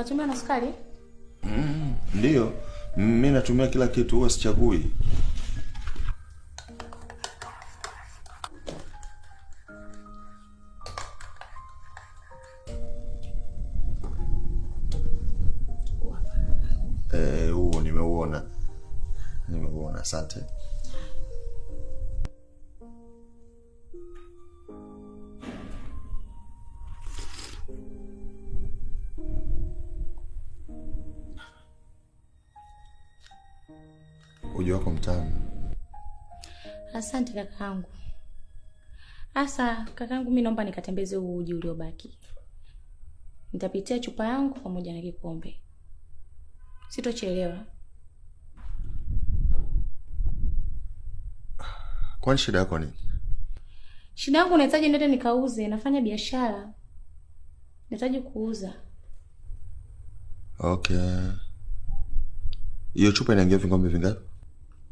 unatumia na sukari? Mm, ndio. Mimi natumia kila kitu, huwa sichagui. Eh, huo nimeuona, nimeuona. Asante. Uji wako mtamu. Asante kakaangu. Asa kakaangu, mi naomba nikatembeze huu uji uliobaki. Nitapitia chupa yangu pamoja na kikombe, sitochelewa. Kwani shida yako nini? Shida yangu unahitaji nende nikauze? Nafanya biashara, nahitaji kuuza. Okay. Hiyo chupa inaingia vikombe vingapi?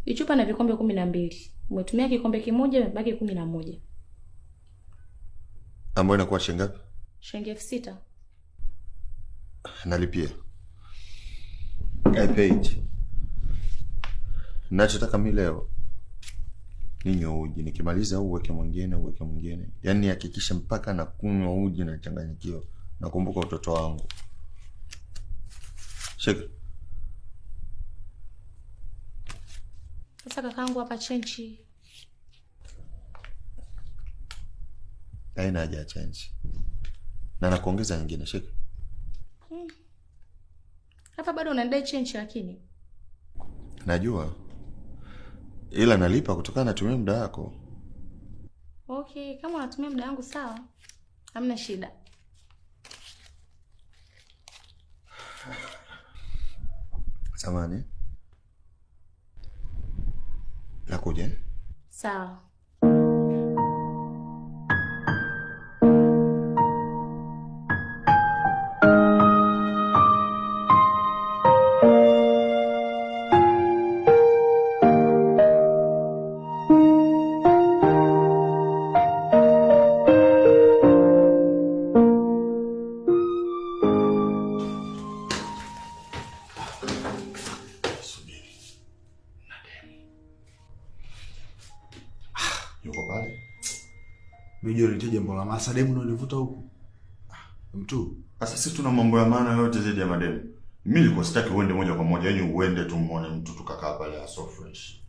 Hiyo chupa na vikombe kumi na mbili. Umetumia kikombe kimoja, imebaki kumi na moja ambayo inakuwa shilingi ngapi? Shilingi elfu sita. Nalipia I paid. Nachotaka mi leo ninywe uji, nikimaliza au uweke mwingine, uweke mwingine, yaani nihakikishe mpaka nakunywa uji na nachanganyikiwa, nakumbuka utoto wangu. Shika. Sasa kakaangu hapa chenchi. Aina haja ya chenchi. Na nakuongeza nyingine shika. Hmm. Hapa bado unadai chenchi lakini. Najua. Ila nalipa kutokana na tumia muda wako. Okay, kama unatumia muda wangu sawa. Hamna shida. Samani la kuja eh? sawa Mimi jambo la masa demu ndio nivuta huku. Ah, mtu. Sasa sisi tuna mambo ya maana yote zaidi ya mademu. Mimi nilikuwa sitaki uende moja kwa moja, yaani uende tu muone mtu tukakaa pale so fresh.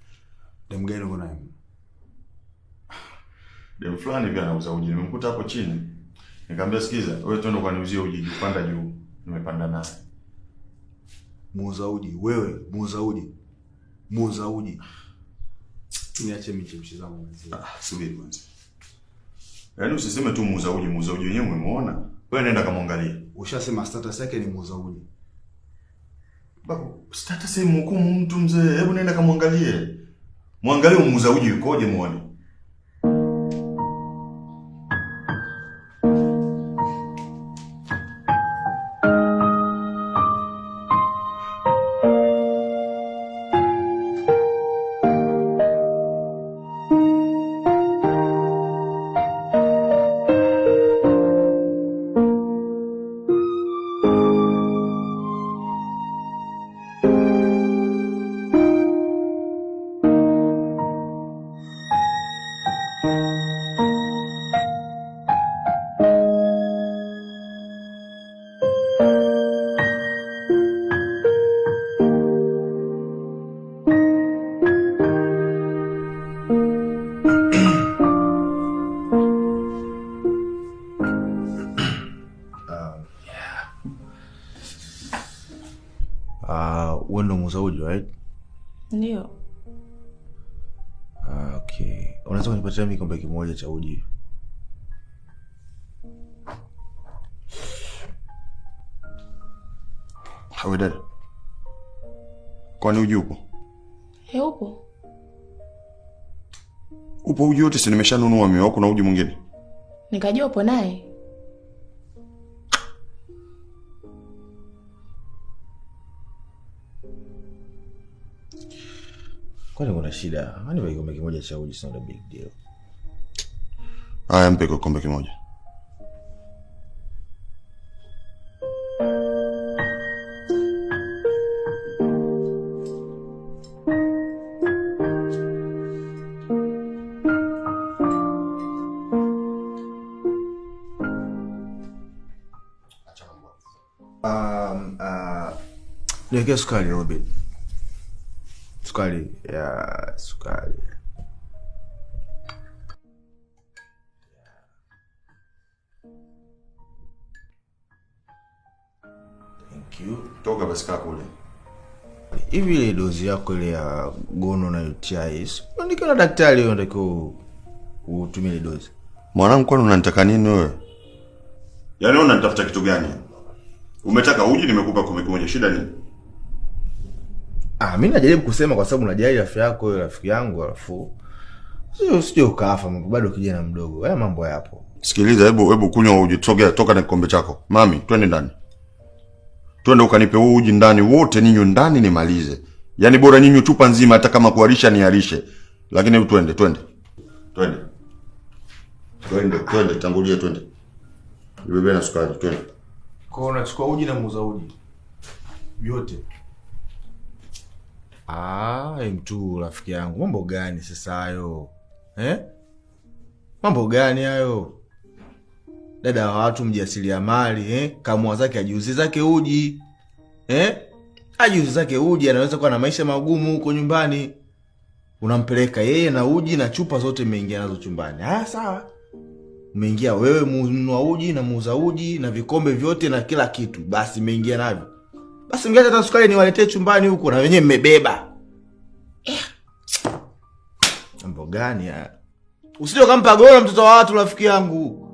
Demu gani uko naye? Ah, demu fulani hivi anauza uji. Nimemkuta hapo chini. Nikamwambia sikiza, wewe twende ukaniuzie uji jipanda juu. Nimepanda naye. Muuza uji wewe, muuza uji. Muuza uji. Niache michemshi zangu mzee. Ah, subiri kwanza. Yaani usiseme tu muuza uji, muuza uji wenyewe umemuona. Wewe nenda kamwangalie. Ushasema status yake ni muuza uji. Babu, status imhukumu mtu mzee. Hebu nenda kamwangalie. Mwangalie muuza uji yukoje muone. Uh, wewe ndo muzauji right? Ndio. Ah, okay. Unaweza kunipatia mimi kikombe kimoja cha uji? Hawe dada. Kwani uji upo? He, upo. Upo uji wote si nimeshanunua mimi, Kuna uji mwingine? Nikajua upo naye. Kwani kuna shida? Ani vya kikombe kimoja cha uji, sio big deal. Haya, mpe kikombe kimoja. Um, uh, a little bit. sukari ya sukari toka basi kaa kule hivi. Ile dozi yako ile ya gono na UTI andika na daktari, unatakiwa utumie ile dozi. Mwanangu, kwani unanitaka nini wewe? Yaani unanitafuta kitu gani? Umetaka uji, nimekupa kumi kimoja, shida nini? Ah, mimi najaribu kusema kwa sababu najali afya yako wewe rafiki yangu alafu sio usije ukaafa bado kijana mdogo. Haya mambo yapo. Sikiliza, hebu hebu kunywa uji, sogea toka na kikombe chako. Mami, twende ndani. Twende ukanipe huu uji ndani wote ninyi ndani nimalize. Yaani bora nyinyi chupa nzima hata kama kuharisha niharishe. Lakini hebu twende, twende. Twende. Twende, twende, tangulia twende. bebe na sukari, twende. Kwa unachukua uji na muuza uji. Yote. Ah, mtu rafiki yangu, mambo gani sasa hayo eh? Mambo gani hayo? Dada wa watu mjasiria mali eh? Kamua zake ajiuze zake uji eh? Ajiuze zake uji, anaweza kuwa na maisha magumu huko nyumbani. Unampeleka yeye na uji na chupa zote mmeingia nazo chumbani. Ah, sawa, umeingia wewe, mnunua uji na muuza uji na vikombe vyote na kila kitu, basi mmeingia navyo basi mngeacha hata sukari niwaletee chumbani huko na wenyewe mmebeba. Eh. Mambo gani haya? Usije ukampa mtoto wa watu rafiki yangu.